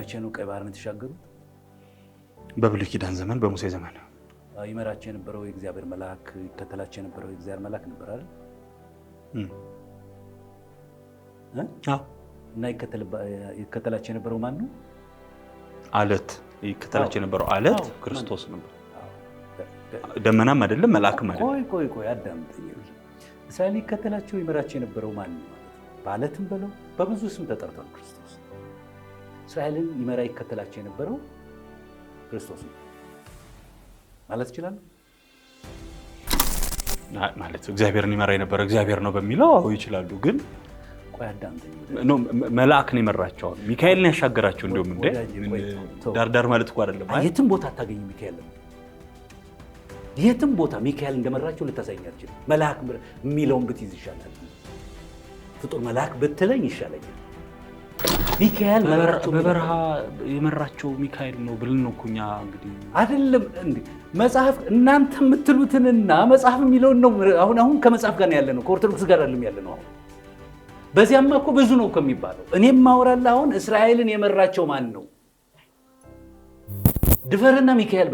መቼ ነው ቀይ ባህርን የተሻገሩት? በብሉይ ኪዳን ዘመን፣ በሙሴ ዘመን ይመራቸው የነበረው የእግዚአብሔር መልአክ ይከተላቸው የነበረው የእግዚአብሔር መልአክ ነበር አይደል? እና ይከተላቸው የነበረው ማን ነው? አለት ይከተላቸው የነበረው አለት ክርስቶስ ነበር። ደመናም አይደለም መልአክም አይደለም። ቆይ ቆይ ቆይ አዳምጠኝ። እስራኤል ይከተላቸው ይመራቸው የነበረው ማን ነው? በአለትም በለው በብዙ ስም ተጠርቷል ክርስቶስ እስራኤልን ይመራ ይከተላቸው የነበረው ክርስቶስ ነው ማለት ይችላል። ማለት እግዚአብሔርን ይመራ የነበረ እግዚአብሔር ነው በሚለው አዎ ይችላሉ። ግን መልአክ ነው የመራቸው። ሚካኤልን ያሻገራቸው እንዲሁም እንደ ዳርዳር ማለት እኮ አይደለም። የትም ቦታ አታገኝ ሚካኤል ነው የትም ቦታ ሚካኤል እንደመራቸው ልታሳኝ አልችልም። መልአክ የሚለውን ብትይዝ ይሻላል። ፍጡር መልአክ ብትለኝ ይሻለኛል። ሚካኤል በበረሃ የመራቸው ሚካኤል ነው ብልን ነው እኮ እኛ እንግዲህ አይደለም እንዴ መጽሐፍ እናንተ የምትሉትንና መጽሐፍ የሚለውን ነው። አሁን አሁን ከመጽሐፍ ጋር ያለ ነው ከኦርቶዶክስ ጋር ያለም ያለ ነው። አሁን በዚያማ እኮ ብዙ ነው ከሚባለው እኔም ማወራለሁ። አሁን እስራኤልን የመራቸው ማን ነው? ድፈርና ሚካኤል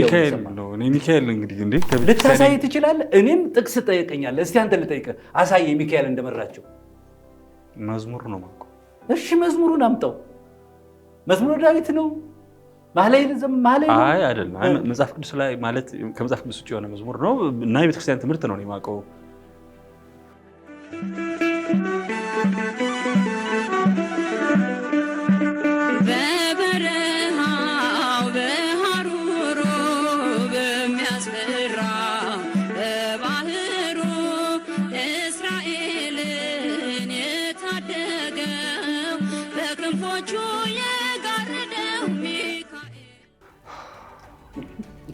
ሚካኤል ነው። እኔ ሚካኤል እንግዲህ እንዴ ልታሳይ ትችላለህ። እኔም ጥቅስ ጠይቀኛለህ። እስቲ አንተ ልጠይቅህ፣ አሳየ ሚካኤል እንደመራቸው መዝሙር ነው እሺ መዝሙሩን አምጠው። መዝሙረ ዳዊት ነው ማህላይ አይ አይደለም። መጽሐፍ ቅዱስ ላይ ማለት ከመጽሐፍ ቅዱስ ውጭ የሆነ መዝሙር ነው እና የቤተክርስቲያን ትምህርት ነው የማውቀው። በበረሃው በሚያስፈራ በባህሩ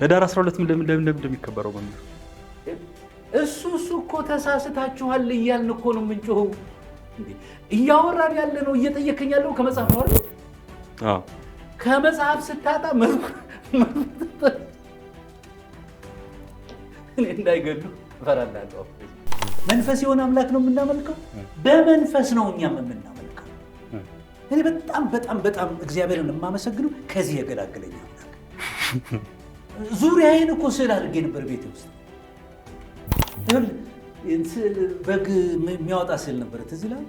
ለዳር 12 ምን ለምን ለምን እንደሚከበረው መምህር፣ እሱ እሱ እኮ ተሳስታችኋል እያልን እኮ ነው የምንጮኸው። እያወራን ያለ ነው እየጠየከኝ ያለው ከመጽሐፍ ነው አይደል? አዎ ከመጽሐፍ ስታጣ እንዳይገሉ ፈራላቸው። መንፈስ የሆነ አምላክ ነው የምናመልከው። በመንፈስ ነው እኛም የምናመልከው እኔ በጣም በጣም በጣም እግዚአብሔርን የማመሰግነው ከዚህ የገላገለኝ አምላክ። ዙሪያዬን እኮ ስዕል አድርጌ ነበር ቤት ውስጥ ስዕል፣ በግ የሚያወጣ ስዕል ነበረ። ትዝ ይልሃል?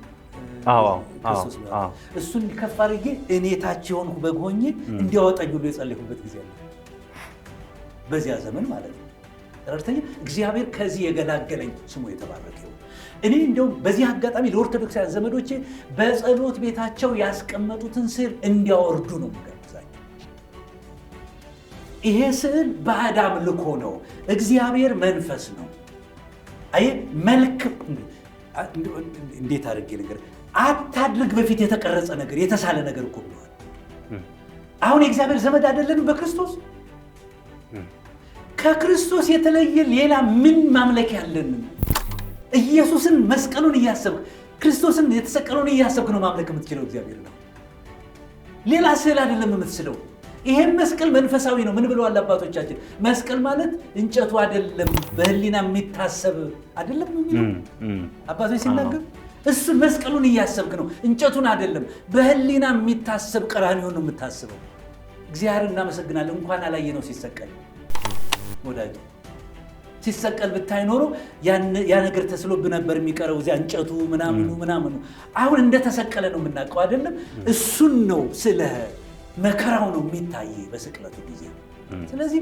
እሱን ከፍ አድርጌ እኔ ታች የሆንኩ በግ ሆኜ እንዲያወጣኝ ብሎ የጸለይኩበት ጊዜ አለ። በዚያ ዘመን ማለት ነው። ረድተኛ እግዚአብሔር ከዚህ የገላገለኝ ስሙ የተባረከ እኔ እንደውም በዚህ አጋጣሚ ለኦርቶዶክሳውያን ዘመዶቼ በጸሎት ቤታቸው ያስቀመጡትን ስዕል እንዲያወርዱ ነው የምጋብዛቸው። ይሄ ስዕል ባዕድ አምልኮ ነው፣ እግዚአብሔር መንፈስ ነው። አይ መልክ እንዴት አድርጌ ነገር አታድርግ በፊት የተቀረጸ ነገር የተሳለ ነገር እኮ ብለዋል። አሁን የእግዚአብሔር ዘመድ አይደለንም በክርስቶስ ከክርስቶስ የተለየ ሌላ ምን ማምለክ ያለንም ኢየሱስን መስቀሉን እያሰብክ ክርስቶስን የተሰቀለውን እያሰብክ ነው ማምለክ የምትችለው። እግዚአብሔር ነው፣ ሌላ ስዕል አይደለም የምትስለው። ይሄም መስቀል መንፈሳዊ ነው። ምን ብለዋል አባቶቻችን? መስቀል ማለት እንጨቱ አይደለም በህሊና የሚታሰብ አይደለም የሚለው አባቶች ሲናገር እሱ መስቀሉን እያሰብክ ነው፣ እንጨቱን አይደለም። በህሊና የሚታሰብ ቀራንዮን ነው የምታስበው። እግዚአብሔር እናመሰግናለን። እንኳን አላየ ነው ሲሰቀል ወዳጅ ሲሰቀል ብታይ ኖሮ ያ ነገር ተስሎብ ነበር የሚቀረው እዚያ እንጨቱ ምናምኑ ምናምኑ። አሁን እንደተሰቀለ ነው የምናውቀው አይደለም። እሱን ነው ስለ መከራው ነው የሚታይ በስቅለቱ ጊዜ። ስለዚህ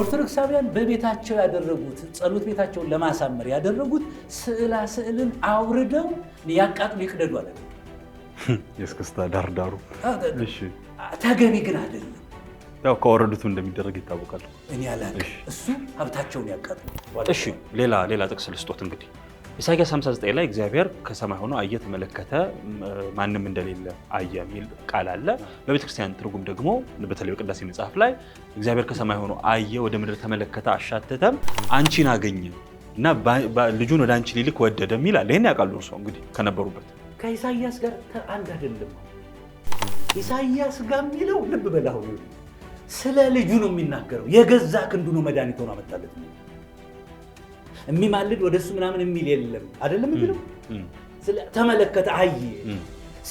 ኦርቶዶክሳውያን በቤታቸው ያደረጉት ጸሎት ቤታቸውን ለማሳመር ያደረጉት ስዕላ ስዕልን አውርደው ያቃጥሉ ይቅደዱ አለ። የእስክስታ ዳርዳሩ ተገቢ ግን አይደለም። ያው ከወረዱትም እንደሚደረግ ይታወቃል። እኔ አላውቅም። እሱ ሀብታቸውን ያቃጥ። እሺ ሌላ ሌላ ጥቅስ ልስጦት እንግዲህ ኢሳያስ 59 ላይ እግዚአብሔር ከሰማይ ሆኖ አየ ተመለከተ፣ ማንም እንደሌለ አየ የሚል ቃል አለ። በቤተ ክርስቲያን ትርጉም ደግሞ በተለይ በቅዳሴ መጽሐፍ ላይ እግዚአብሔር ከሰማይ ሆኖ አየ፣ ወደ ምድር ተመለከተ፣ አሻተተም፣ አንቺን አገኘ እና ልጁን ወደ አንቺ ሊልክ ወደደ የሚል ይህን ያውቃሉ እርሶ እንግዲህ ከነበሩበት ከኢሳያስ ጋር አንድ አይደለም። ኢሳያስ ጋር የሚለው ልብ በላሁ ስለ ልጁ ነው የሚናገረው። የገዛ ክንዱ ነው መድኃኒት ሆኖ አመጣለት። የሚማልድ ወደሱ ምናምን የሚል የለም አይደለም የሚለው ተመለከተ፣ አይ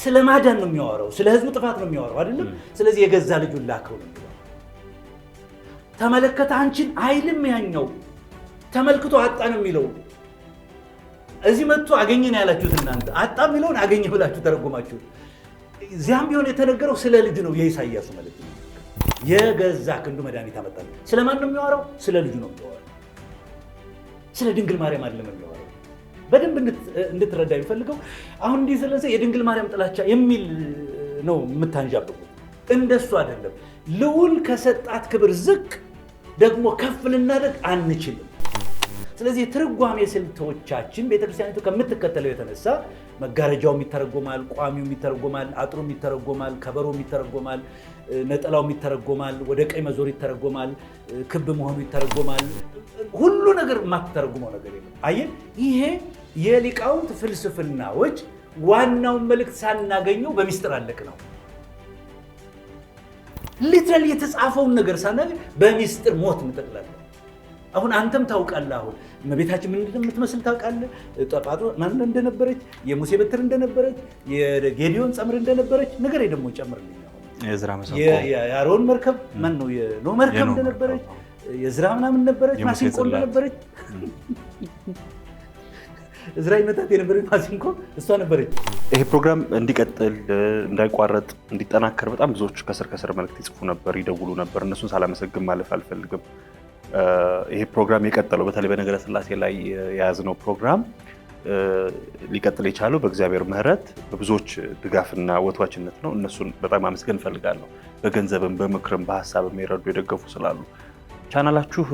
ስለ ማዳን ነው የሚያወራው፣ ስለ ህዝቡ ጥፋት ነው የሚያወራው አይደለም። ስለዚህ የገዛ ልጁን ላከው ነው ተመለከተ አንቺን አይልም። ያኛው ተመልክቶ አጣ ነው የሚለው። እዚህ መጥቶ አገኘን ያላችሁት እናንተ። አጣ የሚለውን አገኘ ብላችሁ ተረጎማችሁ። እዚያም ቢሆን የተነገረው ስለ ልጅ ነው የኢሳያሱ መልእክት የገዛ ክንዱ መድኃኒት አመጣል። ስለ ማን ነው የሚያወራው? ስለ ልጁ ነው የሚያወራው። ስለ ድንግል ማርያም አይደለም የሚያወራው። በደንብ እንድትረዳ የሚፈልገው አሁን እንዲህ ስለዚህ የድንግል ማርያም ጥላቻ የሚል ነው የምታንዣብቁት። እንደሱ አይደለም። ልዑል ከሰጣት ክብር ዝቅ ደግሞ ከፍ ልናደርግ አንችልም። ስለዚህ የትርጓሜ ስልቶቻችን ቤተክርስቲያኒቱ ከምትከተለው የተነሳ መጋረጃውም ይተረጎማል፣ ቋሚውም ይተረጎማል፣ አጥሩም ይተረጎማል፣ ከበሮም ይተረጎማል፣ ነጠላውም ይተረጎማል፣ ወደ ቀኝ መዞር ይተረጎማል፣ ክብ መሆኑ ይተረጎማል። ሁሉ ነገር የማትተረጉመው ነገር የለም። አየህ፣ ይሄ የሊቃውንት ፍልስፍናዎች ዋናውን መልእክት ሳናገኘው በሚስጥር አለቅ ነው። ሊትራል የተጻፈውን ነገር ሳናገኝ በሚስጥር ሞት እንጠቅላለን። አሁን አንተም ታውቃለህ። አሁን እመቤታችን ምን እንደምትመስል ታውቃለህ። ጠጳጦ ማን እንደነበረች፣ የሙሴ በትር እንደነበረች፣ የጌዲዮን ጸምር እንደነበረች ነገር ደግሞ ጨምርልኝ። የአሮን መርከብ ማን ነው የኖ መርከብ እንደነበረች፣ የዝራ ምናምን ነበረች፣ ማሲንቆ እንደነበረች እዝራ ይመታት የነበረች ማሲንቆ እሷ ነበረች። ይሄ ፕሮግራም እንዲቀጥል እንዳይቋረጥ እንዲጠናከር በጣም ብዙዎች ከስር ከስር መልዕክት ይጽፉ ነበር፣ ይደውሉ ነበር። እነሱን ሳላመሰግን ማለፍ አልፈልግም። ይሄ ፕሮግራም የቀጠለው በተለይ በነገረ ስላሴ ላይ የያዝነው ፕሮግራም ሊቀጥል የቻለው በእግዚአብሔር ምሕረት በብዙዎች ድጋፍና ወቷችነት ነው። እነሱን በጣም አመስገን እንፈልጋለሁ። በገንዘብም በምክርም በሀሳብም የረዱ የደገፉ ስላሉ ቻናላችሁ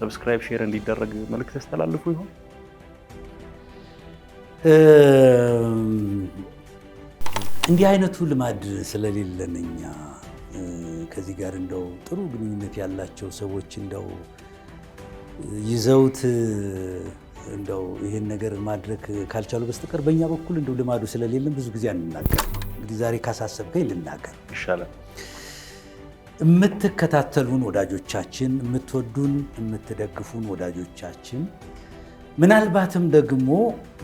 ሰብስክራይብ፣ ሼር እንዲደረግ መልእክት ያስተላልፉ ይሆን? እንዲህ አይነቱ ልማድ ስለሌለን እኛ ከዚህ ጋር እንደው ጥሩ ግንኙነት ያላቸው ሰዎች እንደው ይዘውት እንደው ይህን ነገር ማድረግ ካልቻሉ በስተቀር በእኛ በኩል እንደው ልማዱ ስለሌለም ብዙ ጊዜ አንናገር። እንግዲህ ዛሬ ካሳሰብከኝ ልናገር ይሻላል። የምትከታተሉን ወዳጆቻችን፣ የምትወዱን የምትደግፉን ወዳጆቻችን፣ ምናልባትም ደግሞ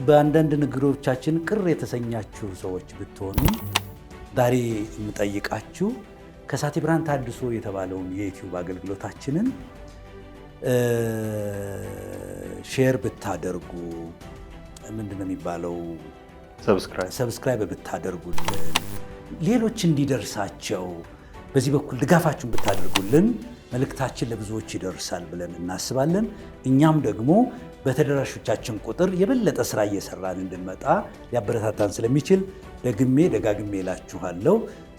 በአንዳንድ ንግሮቻችን ቅር የተሰኛችሁ ሰዎች ብትሆኑ ዛሬ የምጠይቃችሁ ከሳቲ ብርሃን ታድሶ የተባለውን የዩቲዩብ አገልግሎታችንን ሼር ብታደርጉ ምንድነው የሚባለው፣ ሰብስክራይብ ብታደርጉልን፣ ሌሎች እንዲደርሳቸው በዚህ በኩል ድጋፋችሁን ብታደርጉልን መልእክታችን ለብዙዎች ይደርሳል ብለን እናስባለን። እኛም ደግሞ በተደራሾቻችን ቁጥር የበለጠ ስራ እየሰራን እንድንመጣ ሊያበረታታን ስለሚችል ደግሜ ደጋግሜ እላችኋለሁ።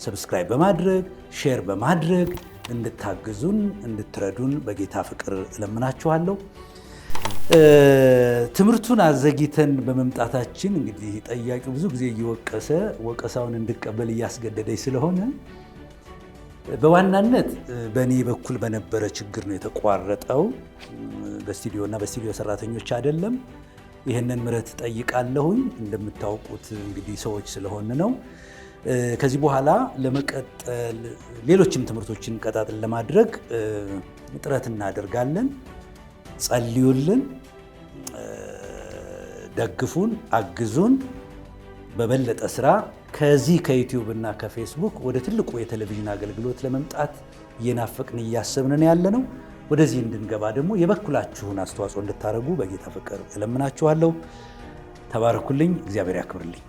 ሰብስክራይብ በማድረግ ሼር በማድረግ እንድታግዙን እንድትረዱን በጌታ ፍቅር እለምናችኋለሁ። ትምህርቱን አዘግይተን በመምጣታችን እንግዲህ ጠያቂው ብዙ ጊዜ እየወቀሰ ወቀሳውን እንድቀበል እያስገደደኝ ስለሆነ በዋናነት በእኔ በኩል በነበረ ችግር ነው የተቋረጠው። በስቱዲዮ እና በስቱዲዮ ሰራተኞች አይደለም። ይህንን ምረት ጠይቃለሁኝ። እንደምታውቁት እንግዲህ ሰዎች ስለሆን ነው። ከዚህ በኋላ ለመቀጠል ሌሎችም ትምህርቶችን ቀጣጥል ለማድረግ ጥረት እናደርጋለን። ጸልዩልን፣ ደግፉን፣ አግዙን። በበለጠ ስራ ከዚህ ከዩቲዩብ እና ከፌስቡክ ወደ ትልቁ የቴሌቪዥን አገልግሎት ለመምጣት እየናፈቅን እያሰብንን ያለ ነው። ወደዚህ እንድንገባ ደግሞ የበኩላችሁን አስተዋጽኦ እንድታደርጉ በጌታ ፍቅር እለምናችኋለሁ። ተባረኩልኝ። እግዚአብሔር ያክብርልኝ።